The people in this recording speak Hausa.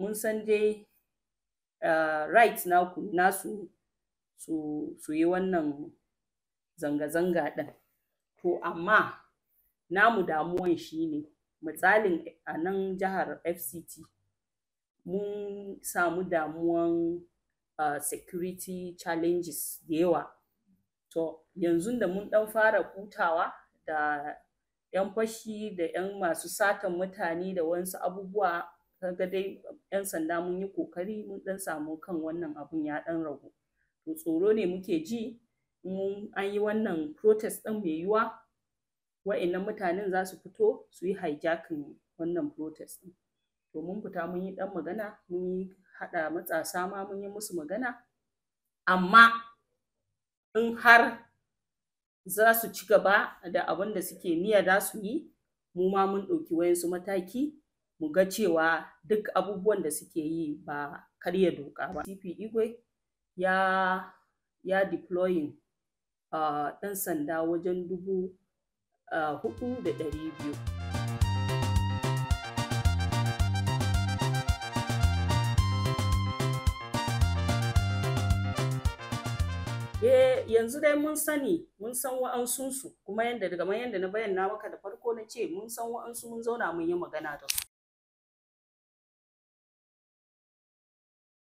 mun san dai na ah, naku nasu su su yi wannan zanga-zanga ɗin to amma namu damuwan shi ne, misalin a nan jihar FCT mun samu damuwan ah, security challenges da yawa to yanzu da mun ɗan fara kutawa da 'yan fashi da 'yan masu satan mutane da wasu abubuwa kaga dai 'yan sanda mun yi kokari mun dan samu kan wannan abun ya dan ragu to tsoro ne muke ji mun an yi wannan protest din mai yiwa wa'annan mutanen za su fito su yi hijacking wannan protest din to mun fita mun yi dan magana mun yi haɗa matsasa ma mun yi musu magana amma in har za su ci gaba da abin da suke niyya za su yi mu ma mun ɗauki wayansu mataki mu ga cewa duk abubuwan da suke yi ba karya doka ba cp igwe ya ya deploying uh, ɗan uh, sanda wajen dubu uh, da ɗari biyu eh, yanzu dai mun sani mun san wa'ansunsu kuma yadda daga da na bayyana maka da farko na ce mun san wa'ansu mun zauna mun yi magana da su